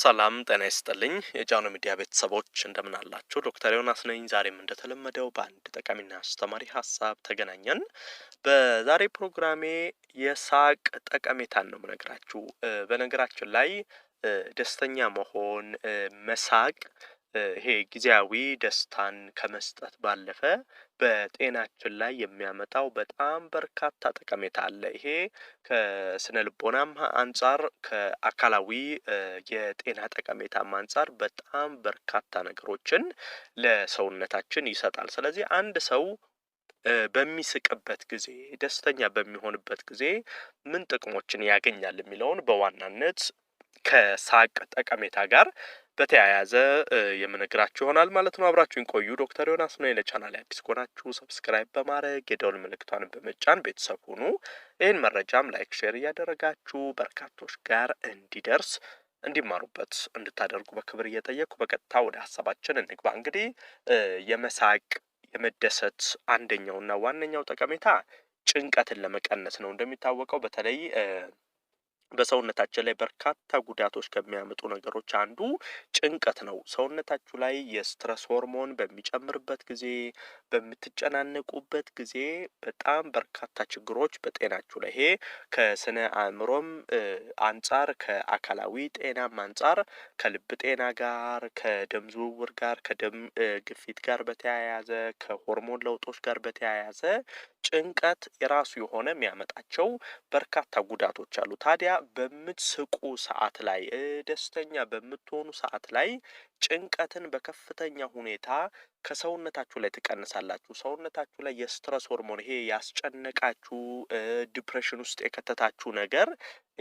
ሰላም ጤና ይስጥልኝ የጃኖ ሚዲያ ቤተሰቦች እንደምናላችሁ ዶክተር ዮናስ ነኝ። ዛሬም እንደተለመደው በአንድ ጠቃሚና አስተማሪ ሀሳብ ተገናኘን። በዛሬ ፕሮግራሜ የሳቅ ጠቀሜታን ነው የምነግራችሁ። በነገራችን ላይ ደስተኛ መሆን መሳቅ ይሄ ጊዜያዊ ደስታን ከመስጠት ባለፈ በጤናችን ላይ የሚያመጣው በጣም በርካታ ጠቀሜታ አለ። ይሄ ከስነ ልቦናም አንጻር ከአካላዊ የጤና ጠቀሜታም አንጻር በጣም በርካታ ነገሮችን ለሰውነታችን ይሰጣል። ስለዚህ አንድ ሰው በሚስቅበት ጊዜ ደስተኛ በሚሆንበት ጊዜ ምን ጥቅሞችን ያገኛል የሚለውን በዋናነት ከሳቅ ጠቀሜታ ጋር በተያያዘ የምነግራችሁ ይሆናል ማለት ነው። አብራችሁን ቆዩ። ዶክተር ዮናስ ነው። ለቻናል አዲስ ከሆናችሁ ሰብስክራይብ በማድረግ የደውል ምልክቷን በመጫን ቤተሰብ ሁኑ። ይህን መረጃም ላይክ፣ ሼር እያደረጋችሁ በርካቶች ጋር እንዲደርስ እንዲማሩበት እንድታደርጉ በክብር እየጠየቅኩ በቀጥታ ወደ ሀሳባችን እንግባ። እንግዲህ የመሳቅ የመደሰት አንደኛውና ዋነኛው ጠቀሜታ ጭንቀትን ለመቀነስ ነው። እንደሚታወቀው በተለይ በሰውነታችን ላይ በርካታ ጉዳቶች ከሚያመጡ ነገሮች አንዱ ጭንቀት ነው። ሰውነታችሁ ላይ የስትረስ ሆርሞን በሚጨምርበት ጊዜ፣ በምትጨናነቁበት ጊዜ በጣም በርካታ ችግሮች በጤናችሁ ላይ ይሄ ከስነ አእምሮም አንጻር ከአካላዊ ጤናም አንጻር ከልብ ጤና ጋር ከደም ዝውውር ጋር ከደም ግፊት ጋር በተያያዘ ከሆርሞን ለውጦች ጋር በተያያዘ ጭንቀት የራሱ የሆነ የሚያመጣቸው በርካታ ጉዳቶች አሉ። ታዲያ በምትስቁ ሰዓት ላይ ደስተኛ በምትሆኑ ሰዓት ላይ ጭንቀትን በከፍተኛ ሁኔታ ከሰውነታችሁ ላይ ትቀንሳላችሁ። ሰውነታችሁ ላይ የስትረስ ሆርሞን ይሄ ያስጨነቃችሁ ዲፕሬሽን ውስጥ የከተታችሁ ነገር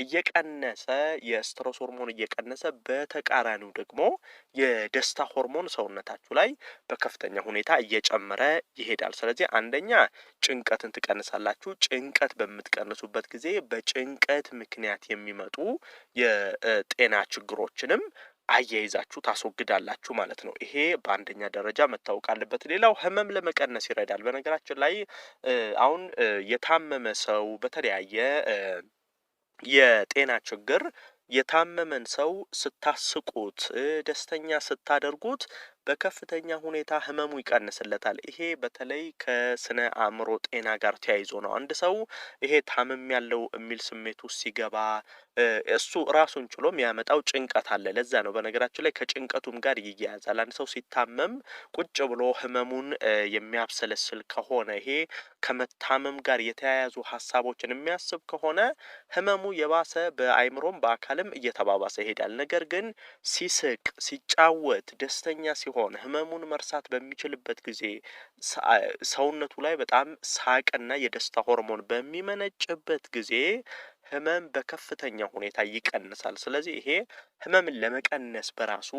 እየቀነሰ የስትረስ ሆርሞን እየቀነሰ በተቃራኒው ደግሞ የደስታ ሆርሞን ሰውነታችሁ ላይ በከፍተኛ ሁኔታ እየጨመረ ይሄዳል። ስለዚህ አንደኛ ጭንቀትን ትቀንሳላችሁ። ጭንቀት በምትቀንሱበት ጊዜ በጭንቀት ምክንያት የሚመጡ የጤና ችግሮችንም አያይዛችሁ ታስወግዳላችሁ ማለት ነው። ይሄ በአንደኛ ደረጃ መታወቅ አለበት። ሌላው ህመም ለመቀነስ ይረዳል። በነገራችን ላይ አሁን የታመመ ሰው በተለያየ የጤና ችግር የታመመን ሰው ስታስቁት፣ ደስተኛ ስታደርጉት በከፍተኛ ሁኔታ ህመሙ ይቀንስለታል። ይሄ በተለይ ከስነ አእምሮ ጤና ጋር ተያይዞ ነው። አንድ ሰው ይሄ ታምም ያለው የሚል ስሜት ውስጥ ሲገባ እሱ ራሱን ችሎ የሚያመጣው ጭንቀት አለ። ለዛ ነው በነገራችን ላይ ከጭንቀቱም ጋር ይያያዛል። አንድ ሰው ሲታመም ቁጭ ብሎ ህመሙን የሚያብሰለስል ከሆነ ይሄ ከመታመም ጋር የተያያዙ ሀሳቦችን የሚያስብ ከሆነ ህመሙ የባሰ በአይምሮም በአካልም እየተባባሰ ይሄዳል። ነገር ግን ሲስቅ፣ ሲጫወት፣ ደስተኛ ሲሆን ሲሆን ህመሙን መርሳት በሚችልበት ጊዜ ሰውነቱ ላይ በጣም ሳቅና የደስታ ሆርሞን በሚመነጭበት ጊዜ ህመም በከፍተኛ ሁኔታ ይቀንሳል። ስለዚህ ይሄ ህመምን ለመቀነስ በራሱ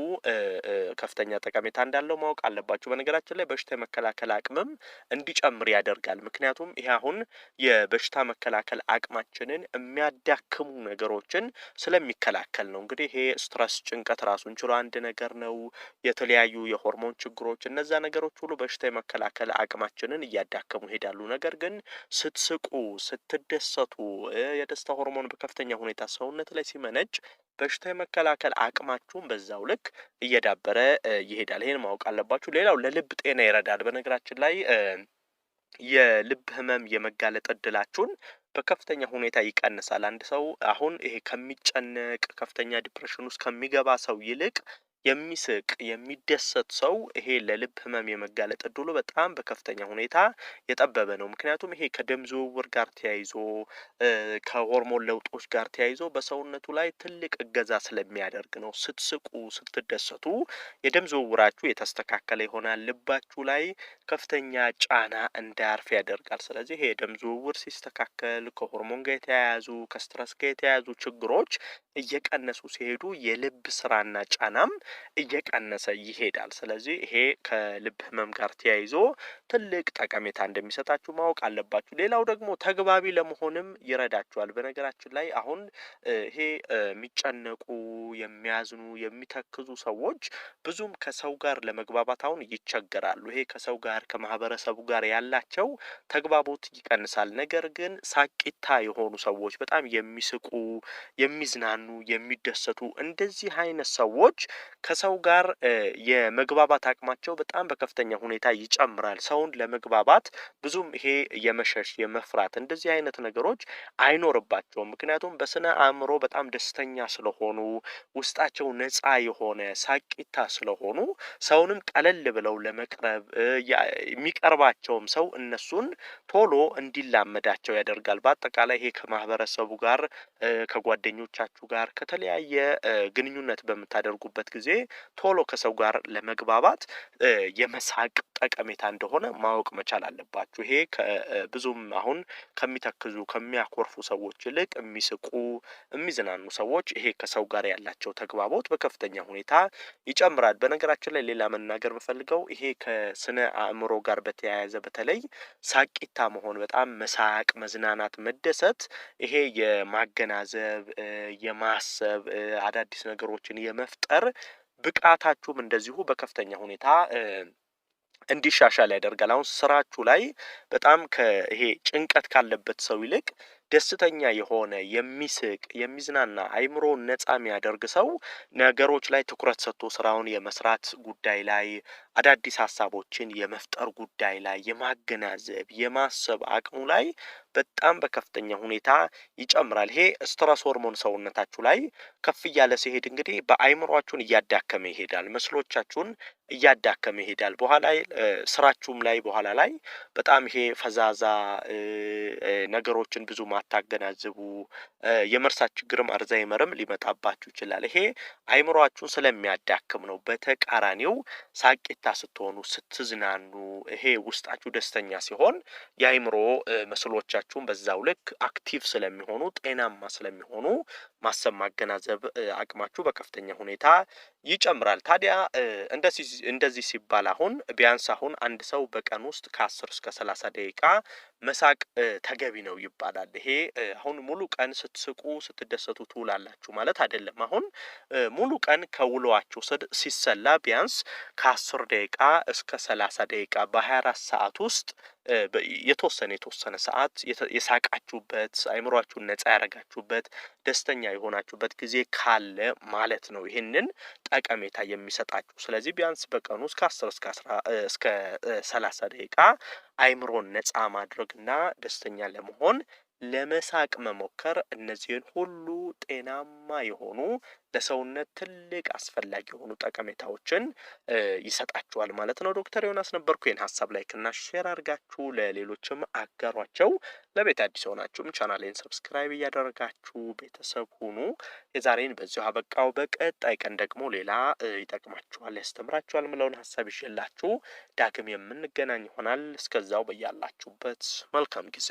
ከፍተኛ ጠቀሜታ እንዳለው ማወቅ አለባቸው። በነገራችን ላይ በሽታ የመከላከል አቅምም እንዲጨምር ያደርጋል። ምክንያቱም ይሄ አሁን የበሽታ መከላከል አቅማችንን የሚያዳክሙ ነገሮችን ስለሚከላከል ነው። እንግዲህ ይሄ ስትረስ፣ ጭንቀት ራሱን ችሎ አንድ ነገር ነው። የተለያዩ የሆርሞን ችግሮች፣ እነዛ ነገሮች ሁሉ በሽታ የመከላከል አቅማችንን እያዳከሙ ይሄዳሉ። ነገር ግን ስትስቁ፣ ስትደሰቱ የደስታ ሆርሞን በከፍተኛ ሁኔታ ሰውነት ላይ ሲመነጭ በሽታ የመከላከል አቅማችሁን በዛው ልክ እየዳበረ ይሄዳል። ይሄን ማወቅ አለባችሁ። ሌላው ለልብ ጤና ይረዳል። በነገራችን ላይ የልብ ህመም የመጋለጥ እድላችሁን በከፍተኛ ሁኔታ ይቀንሳል። አንድ ሰው አሁን ይሄ ከሚጨነቅ ከፍተኛ ዲፕሬሽን ውስጥ ከሚገባ ሰው ይልቅ የሚስቅ የሚደሰት ሰው ይሄ ለልብ ህመም የመጋለጥ እድሉ በጣም በከፍተኛ ሁኔታ የጠበበ ነው። ምክንያቱም ይሄ ከደም ዝውውር ጋር ተያይዞ ከሆርሞን ለውጦች ጋር ተያይዞ በሰውነቱ ላይ ትልቅ እገዛ ስለሚያደርግ ነው። ስትስቁ፣ ስትደሰቱ የደም ዝውውራችሁ የተስተካከለ ይሆናል። ልባችሁ ላይ ከፍተኛ ጫና እንዳያርፍ ያደርጋል። ስለዚህ ይሄ የደም ዝውውር ሲስተካከል ከሆርሞን ጋር የተያያዙ ከስትረስ ጋር የተያያዙ ችግሮች እየቀነሱ ሲሄዱ የልብ ስራና ጫናም እየቀነሰ ይሄዳል። ስለዚህ ይሄ ከልብ ህመም ጋር ተያይዞ ትልቅ ጠቀሜታ እንደሚሰጣችሁ ማወቅ አለባችሁ። ሌላው ደግሞ ተግባቢ ለመሆንም ይረዳችኋል። በነገራችን ላይ አሁን ይሄ የሚጨነቁ የሚያዝኑ፣ የሚተክዙ ሰዎች ብዙም ከሰው ጋር ለመግባባት አሁን ይቸገራሉ። ይሄ ከሰው ጋር ከማህበረሰቡ ጋር ያላቸው ተግባቦት ይቀንሳል። ነገር ግን ሳቂታ የሆኑ ሰዎች በጣም የሚስቁ፣ የሚዝናኑ፣ የሚደሰቱ እንደዚህ አይነት ሰዎች ከሰው ጋር የመግባባት አቅማቸው በጣም በከፍተኛ ሁኔታ ይጨምራል። ሰውን ለመግባባት ብዙም ይሄ የመሸሽ የመፍራት እንደዚህ አይነት ነገሮች አይኖርባቸውም። ምክንያቱም በስነ አእምሮ በጣም ደስተኛ ስለሆኑ ውስጣቸው ነፃ የሆነ ሳቂታ ስለሆኑ ሰውንም ቀለል ብለው ለመቅረብ የሚቀርባቸውም ሰው እነሱን ቶሎ እንዲላመዳቸው ያደርጋል። በአጠቃላይ ይሄ ከማህበረሰቡ ጋር ከጓደኞቻችሁ ጋር ከተለያየ ግንኙነት በምታደርጉበት ጊዜ ቶሎ ከሰው ጋር ለመግባባት የመሳቅ ጠቀሜታ እንደሆነ ማወቅ መቻል አለባችሁ። ይሄ ብዙም አሁን ከሚተክዙ ከሚያኮርፉ ሰዎች ይልቅ የሚስቁ የሚዝናኑ ሰዎች ይሄ ከሰው ጋር ያላቸው ተግባቦት በከፍተኛ ሁኔታ ይጨምራል። በነገራችን ላይ ሌላ መናገር የምፈልገው ይሄ ከስነ አእምሮ ጋር በተያያዘ በተለይ ሳቂታ መሆን በጣም መሳቅ፣ መዝናናት፣ መደሰት ይሄ የማገናዘብ የማሰብ አዳዲስ ነገሮችን የመፍጠር ብቃታችሁም እንደዚሁ በከፍተኛ ሁኔታ እንዲሻሻል ያደርጋል። አሁን ስራችሁ ላይ በጣም ከይሄ ጭንቀት ካለበት ሰው ይልቅ ደስተኛ የሆነ የሚስቅ የሚዝናና አይምሮን ነጻ የሚያደርግ ሰው ነገሮች ላይ ትኩረት ሰጥቶ ስራውን የመስራት ጉዳይ ላይ አዳዲስ ሀሳቦችን የመፍጠር ጉዳይ ላይ የማገናዘብ የማሰብ አቅሙ ላይ በጣም በከፍተኛ ሁኔታ ይጨምራል። ይሄ ስትረስ ሆርሞን ሰውነታችሁ ላይ ከፍ እያለ ሲሄድ እንግዲህ በአይምሯችሁን እያዳከመ ይሄዳል። መስሎቻችሁን እያዳከመ ይሄዳል። በኋላ ስራችሁም ላይ በኋላ ላይ በጣም ይሄ ፈዛዛ ነገሮችን ብዙ ማታገናዝቡ የመርሳት ችግርም አርዛይመርም ሊመጣባችሁ ይችላል። ይሄ አይምሯችሁን ስለሚያዳክም ነው። በተቃራኒው ሳቂታ ስትሆኑ፣ ስትዝናኑ፣ ይሄ ውስጣችሁ ደስተኛ ሲሆን የአይምሮ መስሎቻችሁ ልጆቻችሁን በዛው ልክ አክቲቭ ስለሚሆኑ ጤናማ ስለሚሆኑ ማሰብ ማገናዘብ አቅማችሁ በከፍተኛ ሁኔታ ይጨምራል። ታዲያ እንደዚህ ሲባል አሁን ቢያንስ አሁን አንድ ሰው በቀን ውስጥ ከአስር እስከ ሰላሳ ደቂቃ መሳቅ ተገቢ ነው ይባላል። ይሄ አሁን ሙሉ ቀን ስትስቁ ስትደሰቱ ትውላላችሁ ማለት አይደለም። አሁን ሙሉ ቀን ከውሏችሁ ሲሰላ ቢያንስ ከአስር ደቂቃ እስከ ሰላሳ ደቂቃ በሀያ አራት ሰዓት ውስጥ የተወሰነ የተወሰነ ሰዓት የሳቃችሁበት አይምሯችሁን ነጻ ያረጋችሁበት ደስተኛ የሆናችሁበት ጊዜ ካለ ማለት ነው ይህንን ጠቀሜታ የሚሰጣችሁ። ስለዚህ ቢያንስ በቀኑ እስከ አስር እስከ ሰላሳ ደቂቃ አይምሮን ነፃ ማድረግና ደስተኛ ለመሆን ለመሳቅ መሞከር እነዚህን ሁሉ ጤናማ የሆኑ ለሰውነት ትልቅ አስፈላጊ የሆኑ ጠቀሜታዎችን ይሰጣችኋል ማለት ነው። ዶክተር ዮናስ ነበርኩ። ይህን ሀሳብ ላይክና ሼር አድርጋችሁ ለሌሎችም አጋሯቸው። ለቤት አዲስ የሆናችሁም ቻናሌን ሰብስክራይብ እያደረጋችሁ ቤተሰብ ሁኑ። የዛሬን በዚሁ አበቃው። በቀጣይ ቀን ደግሞ ሌላ ይጠቅማችኋል፣ ያስተምራችኋል ምለውን ሀሳብ ይዤላችሁ ዳግም የምንገናኝ ይሆናል። እስከዛው በያላችሁበት መልካም ጊዜ